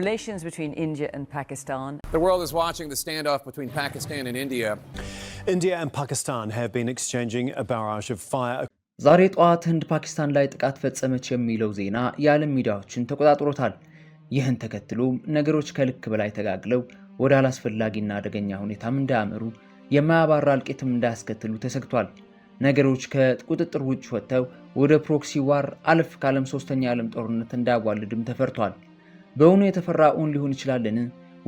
relations between India and Pakistan. The world is watching the standoff between Pakistan and India. India and Pakistan have been exchanging a barrage of fire. ዛሬ ጠዋት ህንድ ፓኪስታን ላይ ጥቃት ፈጸመች የሚለው ዜና የዓለም ሚዲያዎችን ተቆጣጥሮታል። ይህን ተከትሎም ነገሮች ከልክ በላይ ተጋግለው ወደ አላስፈላጊና አደገኛ ሁኔታም እንዳያመሩ የማያባራ እልቂትም እንዳያስከትሉ ተሰግቷል። ነገሮች ከቁጥጥር ውጭ ወጥተው ወደ ፕሮክሲ ዋር አለፍ ካለም ሶስተኛ የዓለም ጦርነት እንዳያዋልድም ተፈርቷል። በእውኑ የተፈራ እውን ሊሆን ይችላልን?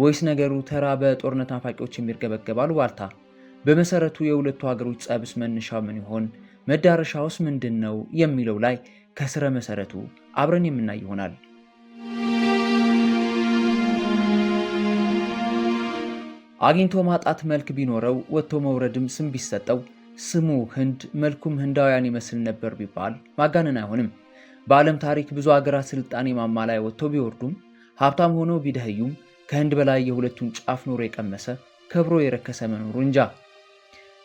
ወይስ ነገሩ ተራ በጦርነት ናፋቂዎች የሚርገበገባል ዋልታ? በመሰረቱ የሁለቱ ሀገሮች ጸብስ መነሻ ምን ይሆን? መዳረሻውስ ምንድን ነው የሚለው ላይ ከስረ መሰረቱ አብረን የምናይ ይሆናል። አግኝቶ ማጣት መልክ ቢኖረው ወጥቶ መውረድም ስም ቢሰጠው ስሙ ህንድ መልኩም ህንዳውያን ይመስል ነበር ቢባል ማጋነን አይሆንም። በዓለም ታሪክ ብዙ ሀገራት ስልጣኔ ማማ ላይ ቢወርዱም ሀብታም ሆኖ ቢደህዩም ከህንድ በላይ የሁለቱን ጫፍ ኖሮ የቀመሰ ከብሮ የረከሰ መኖሩ እንጃ።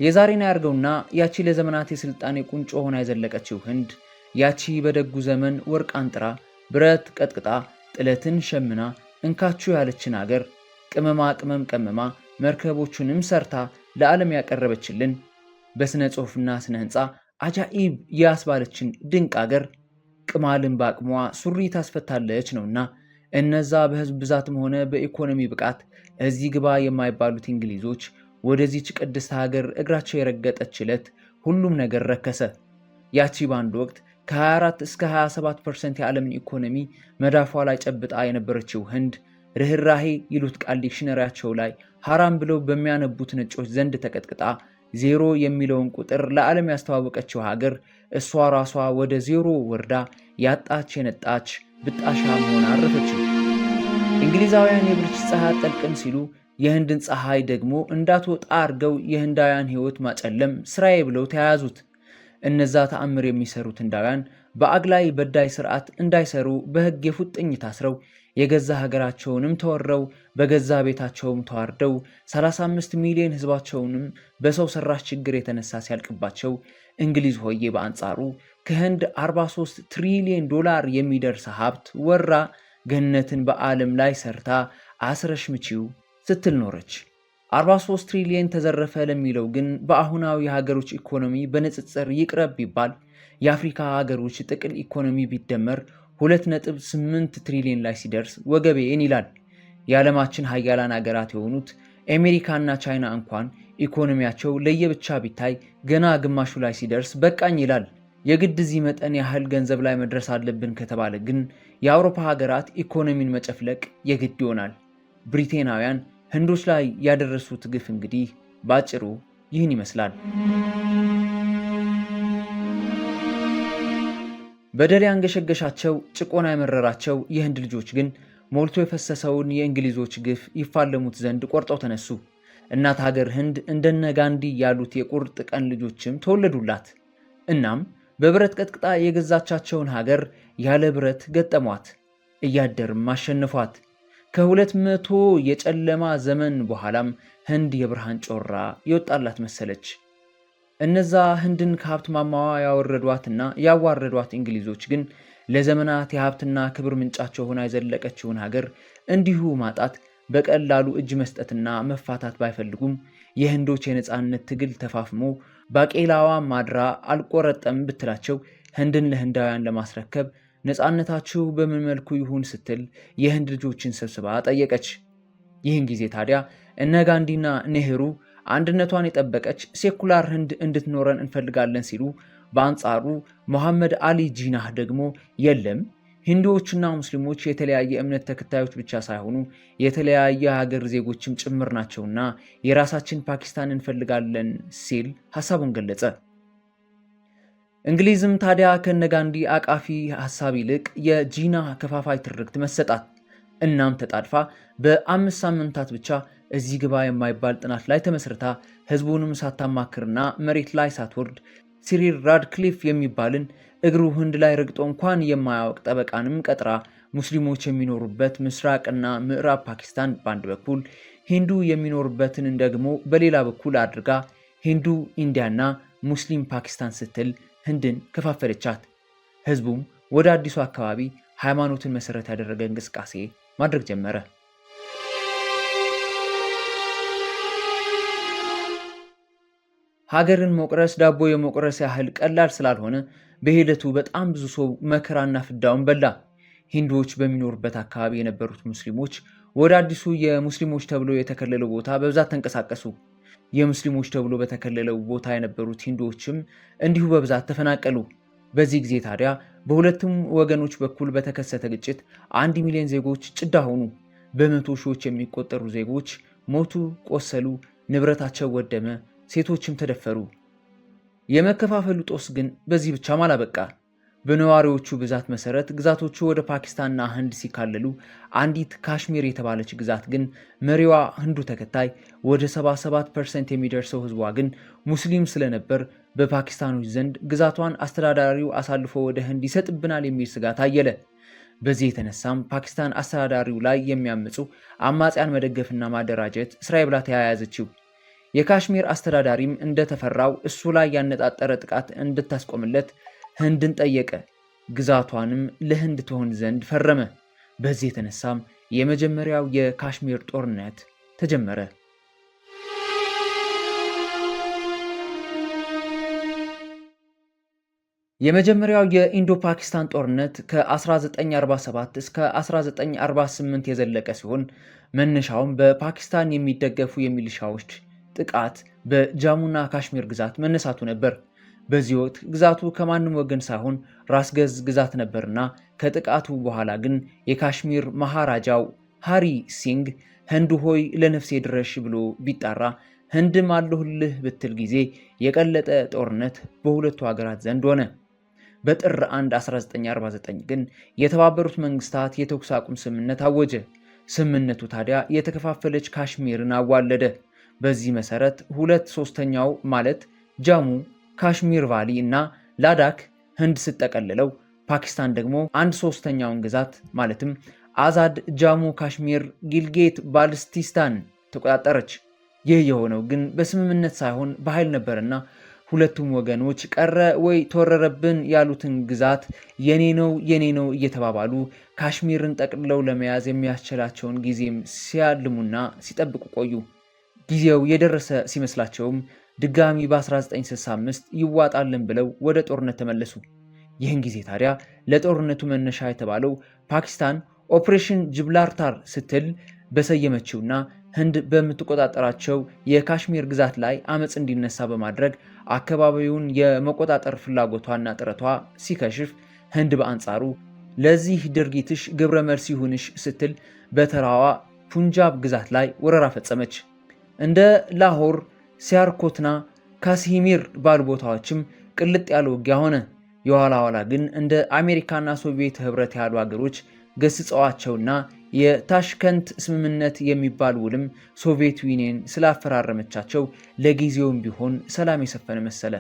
የዛሬን አያርገውና ያቺ ለዘመናት የስልጣኔ ቁንጮ ሆና የዘለቀችው ህንድ ያቺ በደጉ ዘመን ወርቅ አንጥራ ብረት ቀጥቅጣ ጥለትን ሸምና እንካችሁ ያለችን አገር ቅመማ ቅመም ቀመማ መርከቦቹንም ሰርታ ለዓለም ያቀረበችልን በሥነ ጽሑፍና ሥነ ሕንፃ አጃኢብ ያስባለችን ድንቅ አገር ቅማልን በአቅሟ ሱሪ ታስፈታለች ነውና እነዛ በህዝብ ብዛትም ሆነ በኢኮኖሚ ብቃት እዚህ ግባ የማይባሉት እንግሊዞች ወደዚች ቅድስት ሀገር እግራቸው የረገጠች ዕለት ሁሉም ነገር ረከሰ። ያቺ በአንድ ወቅት ከ24 እስከ 27 ፐርሰንት የዓለምን ኢኮኖሚ መዳፏ ላይ ጨብጣ የነበረችው ህንድ ርኅራሄ ይሉት ቃል ዲክሽነሪያቸው ላይ ሀራም ብለው በሚያነቡት ነጮች ዘንድ ተቀጥቅጣ ዜሮ የሚለውን ቁጥር ለዓለም ያስተዋወቀችው ሀገር እሷ ራሷ ወደ ዜሮ ወርዳ ያጣች የነጣች ብጣሻ መሆን አረፈችው። እንግሊዛውያን የብርች ፀሐይ አትጠልቅም ሲሉ የህንድን ፀሐይ ደግሞ እንዳትወጣ አድርገው የህንዳውያን ህይወት ማጨለም ስራዬ ብለው ተያያዙት። እነዛ ተአምር የሚሰሩት ህንዳውያን በአግላይ በዳይ ስርዓት እንዳይሰሩ በህግ የፉጥኝ ታስረው የገዛ ሀገራቸውንም ተወረው በገዛ ቤታቸውም ተዋርደው 35 ሚሊዮን ህዝባቸውንም በሰው ሰራሽ ችግር የተነሳ ሲያልቅባቸው እንግሊዝ ሆዬ በአንጻሩ ከህንድ 43 ትሪሊዮን ዶላር የሚደርስ ሀብት ወራ ገነትን በዓለም ላይ ሰርታ አስረሽ ምቺው ስትል ኖረች። 43 ትሪሊየን ተዘረፈ ለሚለው ግን በአሁናዊ የሀገሮች ኢኮኖሚ በንጽጽር ይቅረብ ቢባል የአፍሪካ ሀገሮች ጥቅል ኢኮኖሚ ቢደመር 2.8 ትሪሊዮን ላይ ሲደርስ ወገቤን ይላል። የዓለማችን ሀያላን ሀገራት የሆኑት አሜሪካና ቻይና እንኳን ኢኮኖሚያቸው ለየብቻ ቢታይ ገና ግማሹ ላይ ሲደርስ በቃኝ ይላል። የግድ እዚህ መጠን ያህል ገንዘብ ላይ መድረስ አለብን ከተባለ ግን የአውሮፓ ሀገራት ኢኮኖሚን መጨፍለቅ የግድ ይሆናል። ብሪቴናውያን ህንዶች ላይ ያደረሱት ግፍ እንግዲህ ባጭሩ ይህን ይመስላል። በደል ያንገሸገሻቸው ጭቆና የመረራቸው የህንድ ልጆች ግን ሞልቶ የፈሰሰውን የእንግሊዞች ግፍ ይፋለሙት ዘንድ ቆርጠው ተነሱ። እናት ሀገር ህንድ እንደነ ጋንዲ ያሉት የቁርጥ ቀን ልጆችም ተወለዱላት። እናም በብረት ቀጥቅጣ የገዛቻቸውን ሀገር ያለ ብረት ገጠሟት፣ እያደርም አሸንፏት። ከሁለት መቶ የጨለማ ዘመን በኋላም ህንድ የብርሃን ጮራ የወጣላት መሰለች። እነዛ ህንድን ከሀብት ማማዋ ያወረዷትና ያዋረዷት እንግሊዞች ግን ለዘመናት የሀብትና ክብር ምንጫቸው ሆና የዘለቀችውን ሀገር እንዲሁ ማጣት በቀላሉ እጅ መስጠትና መፋታት ባይፈልጉም የህንዶች የነፃነት ትግል ተፋፍሞ ባቄላዋ ማድራ አልቆረጠም ብትላቸው ህንድን ለህንዳውያን ለማስረከብ ነፃነታችሁ በምን መልኩ ይሁን ስትል የህንድ ልጆችን ሰብስባ ጠየቀች። ይህን ጊዜ ታዲያ እነ ጋንዲና ኔህሩ አንድነቷን የጠበቀች ሴኩላር ህንድ እንድትኖረን እንፈልጋለን ሲሉ፣ በአንጻሩ መሐመድ አሊ ጂናህ ደግሞ የለም ሂንዱዎችና ሙስሊሞች የተለያየ እምነት ተከታዮች ብቻ ሳይሆኑ የተለያየ ሀገር ዜጎችም ጭምር ናቸውና የራሳችን ፓኪስታን እንፈልጋለን ሲል ሀሳቡን ገለጸ። እንግሊዝም ታዲያ ከነጋንዲ አቃፊ ሀሳብ ይልቅ የጂናህ ከፋፋይ ትርክት መሰጣት እናም ተጣድፋ በአምስት ሳምንታት ብቻ እዚህ ግባ የማይባል ጥናት ላይ ተመስርታ ህዝቡንም ሳታማክርና መሬት ላይ ሳትወርድ ሲሪል ራድክሊፍ የሚባልን እግሩ ህንድ ላይ ረግጦ እንኳን የማያውቅ ጠበቃንም ቀጥራ ሙስሊሞች የሚኖሩበት ምስራቅና ምዕራብ ፓኪስታን በአንድ በኩል ሂንዱ የሚኖርበትን ደግሞ በሌላ በኩል አድርጋ ሂንዱ ኢንዲያና ሙስሊም ፓኪስታን ስትል ህንድን ከፋፈለቻት። ህዝቡም ወደ አዲሱ አካባቢ ሃይማኖትን መሰረት ያደረገ እንቅስቃሴ ማድረግ ጀመረ። ሀገርን መቁረስ ዳቦ የመቁረስ ያህል ቀላል ስላልሆነ በሂደቱ በጣም ብዙ ሰው መከራና ፍዳውን በላ። ሂንዱዎች በሚኖሩበት አካባቢ የነበሩት ሙስሊሞች ወደ አዲሱ የሙስሊሞች ተብሎ የተከለለው ቦታ በብዛት ተንቀሳቀሱ። የሙስሊሞች ተብሎ በተከለለው ቦታ የነበሩት ሂንዱዎችም እንዲሁ በብዛት ተፈናቀሉ። በዚህ ጊዜ ታዲያ በሁለቱም ወገኖች በኩል በተከሰተ ግጭት አንድ ሚሊዮን ዜጎች ጭዳ ሆኑ። በመቶ ሺዎች የሚቆጠሩ ዜጎች ሞቱ፣ ቆሰሉ፣ ንብረታቸው ወደመ። ሴቶችም ተደፈሩ። የመከፋፈሉ ጦስ ግን በዚህ ብቻም አላበቃ። በነዋሪዎቹ ብዛት መሰረት ግዛቶቹ ወደ ፓኪስታንና ህንድ ሲካለሉ አንዲት ካሽሚር የተባለች ግዛት ግን መሪዋ ህንዱ ተከታይ ወደ 77 ፐርሰንት የሚደርሰው ህዝቧ ግን ሙስሊም ስለነበር በፓኪስታኖች ዘንድ ግዛቷን አስተዳዳሪው አሳልፎ ወደ ህንድ ይሰጥብናል የሚል ስጋት አየለ። በዚህ የተነሳም ፓኪስታን አስተዳዳሪው ላይ የሚያምፁ አማጽያን መደገፍና ማደራጀት ስራዬ ብላ ተያያዘችው። የካሽሚር አስተዳዳሪም እንደተፈራው እሱ ላይ ያነጣጠረ ጥቃት እንድታስቆምለት ህንድን ጠየቀ። ግዛቷንም ለህንድ ትሆን ዘንድ ፈረመ። በዚህ የተነሳም የመጀመሪያው የካሽሚር ጦርነት ተጀመረ። የመጀመሪያው የኢንዶ ፓኪስታን ጦርነት ከ1947 እስከ 1948 የዘለቀ ሲሆን መነሻውም በፓኪስታን የሚደገፉ የሚሊሻዎች ጥቃት በጃሙና ካሽሚር ግዛት መነሳቱ ነበር። በዚህ ወቅት ግዛቱ ከማንም ወገን ሳይሆን ራስ ገዝ ግዛት ነበርና ከጥቃቱ በኋላ ግን የካሽሚር መሃራጃው ሃሪ ሲንግ ህንድ ሆይ ለነፍሴ ድረሽ ብሎ ቢጣራ ህንድም አለሁልህ ብትል ጊዜ የቀለጠ ጦርነት በሁለቱ ሀገራት ዘንድ ሆነ። በጥር 1 1949 ግን የተባበሩት መንግስታት የተኩስ አቁም ስምምነት አወጀ። ስምምነቱ ታዲያ የተከፋፈለች ካሽሚርን አዋለደ። በዚህ መሰረት ሁለት ሶስተኛው ማለት ጃሙ፣ ካሽሚር ቫሊ እና ላዳክ ህንድ ስጠቀልለው ፓኪስታን ደግሞ አንድ ሶስተኛውን ግዛት ማለትም አዛድ ጃሙ ካሽሚር፣ ጊልጌት ባልስቲስታን ተቆጣጠረች። ይህ የሆነው ግን በስምምነት ሳይሆን በኃይል ነበርና ሁለቱም ወገኖች ቀረ ወይ ተወረረብን ያሉትን ግዛት የኔ ነው የኔ ነው እየተባባሉ ካሽሚርን ጠቅልለው ለመያዝ የሚያስችላቸውን ጊዜም ሲያልሙና ሲጠብቁ ቆዩ። ጊዜው የደረሰ ሲመስላቸውም ድጋሚ በ1965 ይዋጣልን ብለው ወደ ጦርነት ተመለሱ። ይህን ጊዜ ታዲያ ለጦርነቱ መነሻ የተባለው ፓኪስታን ኦፕሬሽን ጅብላርታር ስትል በሰየመችውና ህንድ በምትቆጣጠራቸው የካሽሚር ግዛት ላይ አመፅ እንዲነሳ በማድረግ አካባቢውን የመቆጣጠር ፍላጎቷና ጥረቷ ሲከሽፍ፣ ህንድ በአንጻሩ ለዚህ ድርጊትሽ ግብረ መልስ ይሁንሽ ስትል በተራዋ ፑንጃብ ግዛት ላይ ወረራ ፈጸመች። እንደ ላሆር፣ ሲያርኮትና ካሲሚር ባሉ ቦታዎችም ቅልጥ ያለ ውጊያ ሆነ። የኋላ ኋላ ግን እንደ አሜሪካና ሶቪየት ህብረት ያሉ አገሮች ገስጸዋቸውና የታሽከንት ስምምነት የሚባል ውልም ሶቪየት ዩኒየን ስላፈራረመቻቸው ለጊዜውም ቢሆን ሰላም የሰፈነ መሰለ።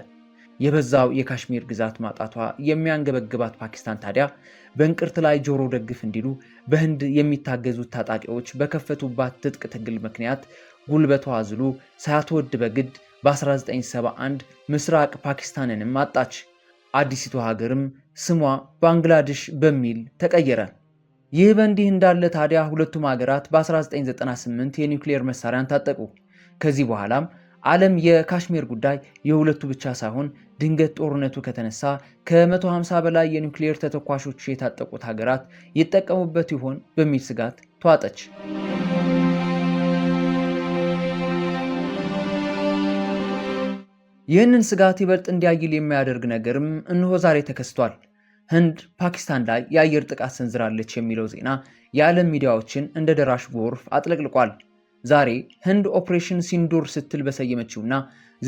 የበዛው የካሽሚር ግዛት ማጣቷ የሚያንገበግባት ፓኪስታን ታዲያ በእንቅርት ላይ ጆሮ ደግፍ እንዲሉ በህንድ የሚታገዙት ታጣቂዎች በከፈቱባት ትጥቅ ትግል ምክንያት ጉልበቷ አዝሎ ሳያትወድ በግድ በ1971 ምስራቅ ፓኪስታንንም አጣች። አዲሲቱ ሀገርም ስሟ ባንግላዴሽ በሚል ተቀየረ። ይህ በእንዲህ እንዳለ ታዲያ ሁለቱም ሀገራት በ1998 የኒውክሌር መሳሪያን ታጠቁ። ከዚህ በኋላም ዓለም የካሽሚር ጉዳይ የሁለቱ ብቻ ሳይሆን ድንገት ጦርነቱ ከተነሳ ከ150 በላይ የኒውክሌር ተተኳሾች የታጠቁት ሀገራት ይጠቀሙበት ይሆን በሚል ስጋት ተዋጠች። ይህንን ስጋት ይበልጥ እንዲያይል የሚያደርግ ነገርም እንሆ ዛሬ ተከስቷል። ህንድ ፓኪስታን ላይ የአየር ጥቃት ሰንዝራለች የሚለው ዜና የዓለም ሚዲያዎችን እንደ ደራሽ ጎርፍ አጥለቅልቋል። ዛሬ ህንድ ኦፕሬሽን ሲንዱር ስትል በሰየመችውና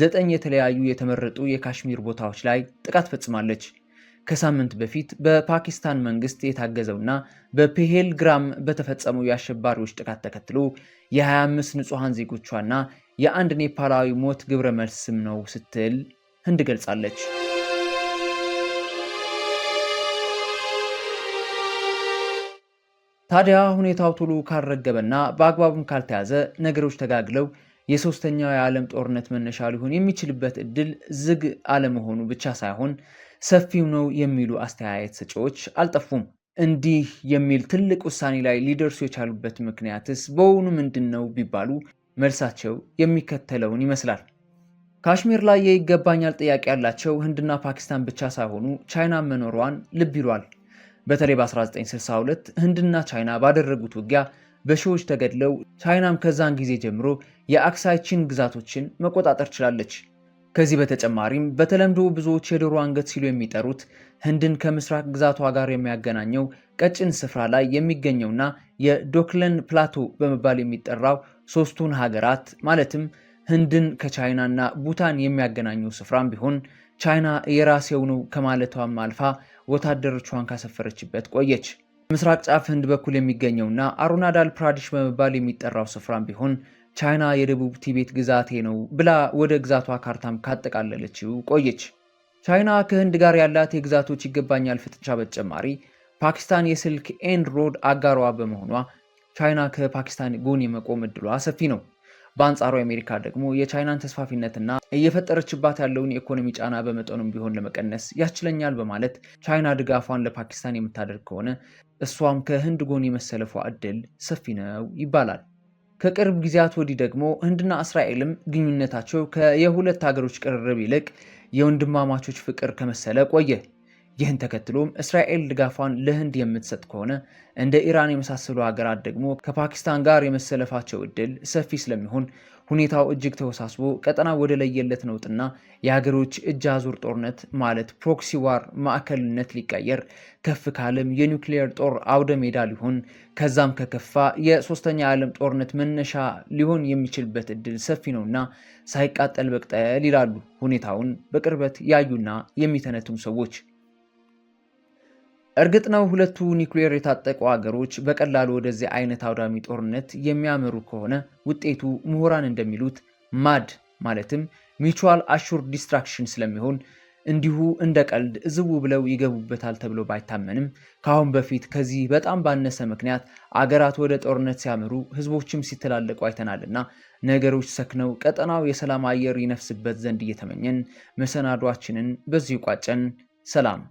ዘጠኝ የተለያዩ የተመረጡ የካሽሚር ቦታዎች ላይ ጥቃት ፈጽማለች። ከሳምንት በፊት በፓኪስታን መንግስት የታገዘውና በፔሄል ግራም በተፈጸመው የአሸባሪዎች ጥቃት ተከትሎ የ25 ንጹሐን ዜጎቿና የአንድ ኔፓላዊ ሞት ግብረ መልስም ነው ስትል ህንድ ገልጻለች። ታዲያ ሁኔታው ቶሎ ካልረገበና በአግባቡም ካልተያዘ ነገሮች ተጋግለው የሶስተኛው የዓለም ጦርነት መነሻ ሊሆን የሚችልበት እድል ዝግ አለመሆኑ ብቻ ሳይሆን ሰፊው ነው የሚሉ አስተያየት ሰጪዎች አልጠፉም። እንዲህ የሚል ትልቅ ውሳኔ ላይ ሊደርሱ የቻሉበት ምክንያትስ በውኑ ምንድን ነው ቢባሉ መልሳቸው የሚከተለውን ይመስላል። ካሽሚር ላይ የይገባኛል ጥያቄ ያላቸው ህንድና ፓኪስታን ብቻ ሳይሆኑ ቻይና መኖሯን ልብ ይሏል። በተለይ በ1962 ህንድና ቻይና ባደረጉት ውጊያ በሺዎች ተገድለው ቻይናም ከዛን ጊዜ ጀምሮ የአክሳይ ቺን ግዛቶችን መቆጣጠር ችላለች። ከዚህ በተጨማሪም በተለምዶ ብዙዎች የዶሮ አንገት ሲሉ የሚጠሩት ህንድን ከምስራቅ ግዛቷ ጋር የሚያገናኘው ቀጭን ስፍራ ላይ የሚገኘውና የዶክለን ፕላቶ በመባል የሚጠራው ሶስቱን ሀገራት ማለትም ህንድን ከቻይና እና ቡታን የሚያገናኘው ስፍራም ቢሆን ቻይና የራሴው ነው ከማለቷም አልፋ ወታደሮቿን ካሰፈረችበት ቆየች። ምስራቅ ጫፍ ህንድ በኩል የሚገኘውና አሩናዳል ፕራዲሽ በመባል የሚጠራው ስፍራም ቢሆን ቻይና የደቡብ ቲቤት ግዛቴ ነው ብላ ወደ ግዛቷ ካርታም ካጠቃለለችው ቆየች። ቻይና ከህንድ ጋር ያላት የግዛቶች ይገባኛል ፍጥጫ በተጨማሪ ፓኪስታን የስልክ ኤንድ ሮድ አጋሯ በመሆኗ ቻይና ከፓኪስታን ጎን የመቆም እድሏ ሰፊ ነው። በአንጻሩ አሜሪካ ደግሞ የቻይናን ተስፋፊነትና እየፈጠረችባት ያለውን የኢኮኖሚ ጫና በመጠኑም ቢሆን ለመቀነስ ያስችለኛል በማለት ቻይና ድጋፏን ለፓኪስታን የምታደርግ ከሆነ እሷም ከህንድ ጎን የመሰለፏ እድል ሰፊ ነው ይባላል። ከቅርብ ጊዜያት ወዲህ ደግሞ ህንድና እስራኤልም ግንኙነታቸው ከየሁለት ሀገሮች ቅርርብ ይልቅ የወንድማማቾች ፍቅር ከመሰለ ቆየ። ይህን ተከትሎም እስራኤል ድጋፏን ለህንድ የምትሰጥ ከሆነ እንደ ኢራን የመሳሰሉ ሀገራት ደግሞ ከፓኪስታን ጋር የመሰለፋቸው እድል ሰፊ ስለሚሆን ሁኔታው እጅግ ተወሳስቦ ቀጠና ወደ ለየለት ነውጥና የሀገሮች እጅ አዙር ጦርነት ማለት ፕሮክሲ ዋር ማዕከልነት ሊቀየር ከፍ ካለም የኒውክሊየር ጦር አውደ ሜዳ ሊሆን ከዛም ከከፋ የሶስተኛ ዓለም ጦርነት መነሻ ሊሆን የሚችልበት እድል ሰፊ ነውና ሳይቃጠል በቅጠል ይላሉ ሁኔታውን በቅርበት ያዩና የሚተነትኑ ሰዎች። እርግጥ ነው ሁለቱ ኒውክሌር የታጠቁ አገሮች በቀላሉ ወደዚህ አይነት አውዳሚ ጦርነት የሚያመሩ ከሆነ ውጤቱ ምሁራን እንደሚሉት ማድ ማለትም ሚቹዋል አሹር ዲስትራክሽን ስለሚሆን እንዲሁ እንደ ቀልድ ዝው ብለው ይገቡበታል ተብሎ ባይታመንም ከአሁን በፊት ከዚህ በጣም ባነሰ ምክንያት አገራት ወደ ጦርነት ሲያምሩ ህዝቦችም ሲተላለቁ አይተናልና ነገሮች ሰክነው ቀጠናው የሰላም አየር ይነፍስበት ዘንድ እየተመኘን መሰናዷችንን በዚሁ ቋጨን። ሰላም።